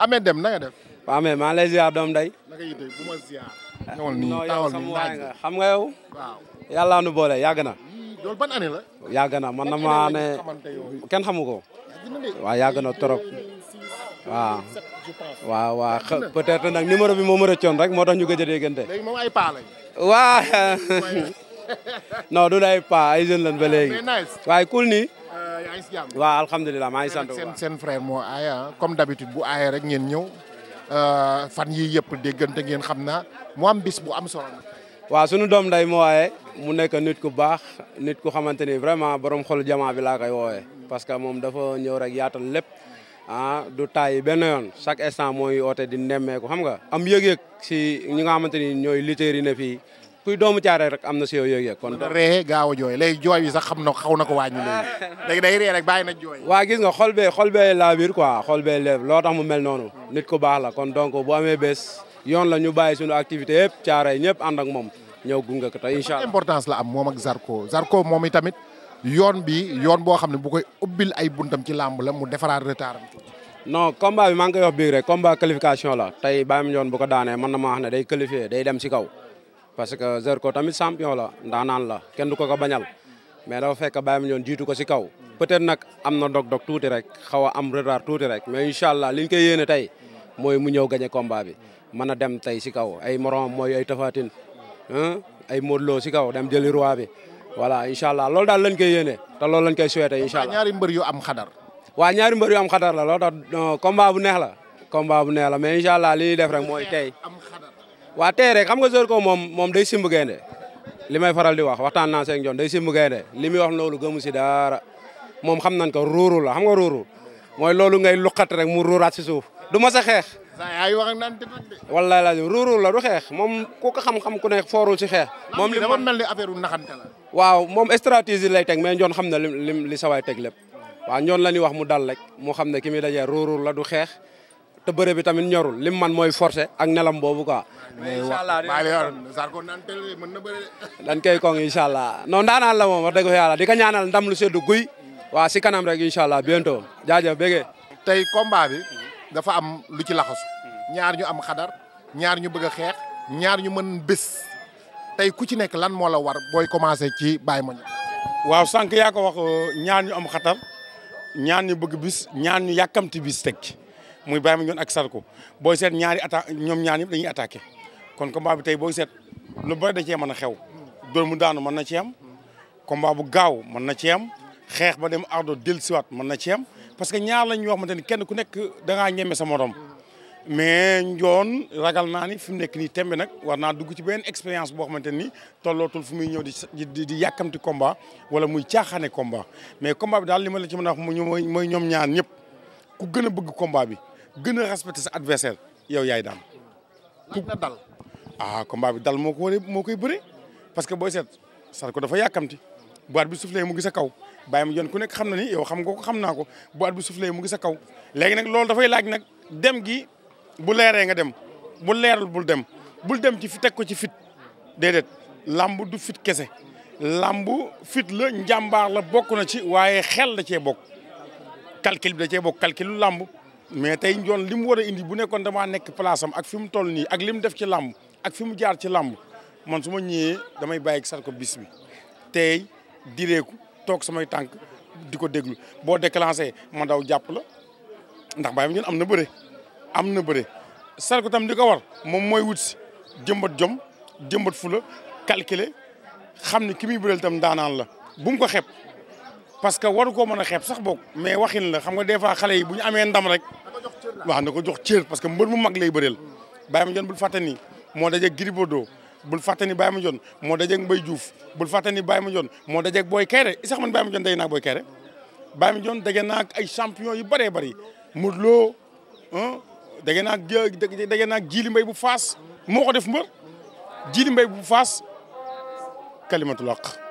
Ameth Deme na nga def. waaw mais maa lay ziar doom day naka yitte xam nga yow. waaw yàlla nu boole yàgg na. loolu ban année la. yàgg na man na maa ne kenn xamu ko. waaw yàgg na trop. waaw waaw waaw peut-être bi moo ma rëccoon rek moo tax ñu gëj a déggante. léegi moom ay paa lañ. waaw non yaa ngi si maa ngi sant seen seen frère ah. comme d'habitude bu aaya rek ngeen ñëw euh, fan yi yëpp déggante ngeen xam naa mu am bis bu am solo. waaw sunu doom nday moo aaye mu nekk nit ku baax nit ku xamante ni vraiment borom xol jamaa bi laa koy woowee parce que moom dafa ñëw rek yaatal lépp. ah du taay benn yoon chaque instant mooy oote di nemmeeku xam nga am yëg-yëg si ñi nga xamante ni ñooy lutteurs yi ne fii kuy doomu caare rek am na si yow yëg-yëg kon ree gaaw a jooy léegi jooy bi sax xam na xaw na ko wàññi léegi léegi day ree rek bàyyi na jooy waa gis nga xol bee xol bee laa biir quoi xol loo tax mu mel noonu nit ku baax la kon donc bu amee bés yoon la ñu bàyyi suñu activité yëpp caare ñëpp ànd ak moom ñëw gunge ko tey incha allah la am moom ak Zarko Zarko moom i tamit yoon bi yoon boo xam ne bu koy ubbil ay buntam ci làmb la mu defaraat retard am non combat bi maa ngi koy wax biig rek combat qualification la tey bàyyam yoon bu ko daanee mën na ma wax ne day qualifié day dem si kaw parce que Zarko tamit champion la ndaanaan la kenn du ko ko bañal mais dafa fekk bàyyam ñoon jiitu ko si kaw peut-être nag am na dog-dog tuuti rek xaw a am retard tuuti rek mais incha allah liñ koy yéene tey mooy mu ñëw gañe combat bi mën a dem tey si kaw ay morom mooy ay tafatin ay modloo si kaw dem jëli roi bi voilà incha daal lañ koy yéene te loolu lañ koy souhaité incha allah ñaari mbër yu am xadar waaw ñaari mbër yu am xadar la loolu tax euh, combat la combat bu neex la mais incha allah li ñuy def rek waa tey rek xam nga Zarko moom moom day simb gaynde li may faral di wax waxtaan naa seeg ñoom day simb gaynde li muy wax loolu gëmu si dara moom xam nañ ko ruuru la xam nga ruuru mooy loolu ngay luqat rek mu ruuraat si suuf du ma sa xeex. ay wax naan wallaay laaj ruuru la du xeex moom ku ko xam-xam ku ne foorul si xeex. moom li dafa mel ni affaire naxante la. waaw moom stratégie lay teg mais ñoon xam na lim li sawaay teg lépp waa joon la ñuy wax mu dal rek mu xam ne ki muy dajee ruuru la du xeex te bëre bi tamit ñorul lim man mooy forcé ak nelam boobu quoi. incha allah dañ koy koŋ incha allah non daanaan la moom wax dëgg yàlla di ko ñaanal ndam lu seddu guy. waa si kanam rek incha allah bientôt jaajëf bége. tey combat bi dafa am lu ci laxasu. ñaar ñu am xadar ñaar ñu bëgg xeex ñaar ñu mën bis tey ku ci nekk lan moo la war booy commencé ci bàyyi ma waaw sànq yaako ko wax ñaar ñu am xatar ñaar ñu bëgg bis ñaar ñu yàkkamti bis teg muy Baye Mandione ak Sarko booy seet ñaari atta ñoom ñaar ñëpp dañuy attaqué kon combat bi tey booy seet lu bëri da cee mën a xew dóor mu daanu mën na ci am combat bu gaaw mën na ci am xeex ba dem ardo dellusiwaat mën na ci am parce que ñaar lañ yoo xamante ni kenn ku nekk da ngaa sa morom mais njoon ragal naa ni fi mu nekk nii tembe nag war naa dugg ci benn expérience boo xamante ni tollootul fu ñëw di di di yàkkamti combat wala muy caaxaane combat mais combat bi daal li ma la ci mën a wax mooy ñoom ñaar ñëpp ku gën a bëgg combat bi gën a respecté sa adversaire yow yaay daan. na dal. ah combat bi dal moo ko waree moo koy bëre parce que booy seet Zarko dafa yàkkamti bu at bi soufflé mu ngi sa kaw bàyyi ma yoon ku nekk xam na ni yow xam nga ko xam naa ko bu at bi soufflé mu ngi sa kaw léegi nag loolu dafay laaj nag dem gi bu leeree nga dem bu leerul bul dem bul dem ci fi teg ko ci fit déedéet làmb du fit kese làmb fit la njàmbaar la bokk na ci waaye xel da cee bokk calcul bi da cee bokk làmb mais tey yoon li mu war a indi bu nekkoon damaa nekk place am ak fi mu toll nii ak li def ci làmb ak fi mu jaar ci làmb man su ma ñëwee damay bàyyi Zarko bis bi tey direeku toog samay tànk di ko déglu boo déclenché ma daw jàpp la ndax bàyyi ñun am na bëre am na bëre Zarko tam di ko war moom mooy wut si jëmbat jom jëmbat fula calculer xam ne ki muy bëreel tam daanaan la bum ko xeeb parce que waru koo mën a xeeb sax boog mais waxin la xam nga des fois xale yi bu ñu amee ndam rek waaw na ko jox cër parce que mbër mu mag lay bëreel Baye Mandione bul fàtte ni moo dajeeg Gris Bordeaux bul fàtte ni Baye Mandione moo dajeeg mbay Diouf bul fàtte ni Baye Mandione moo dajeeg Boy Kéré i sax man Baye Mandione daje naa Boy Kéré Baye Mandione daje naa ak ay champion yu bëree bëri Modou Lo daje naa daje naa Djily Mbaye bu Faas moo ko def mbër Djily Mbaye bu Faas kalimatul haq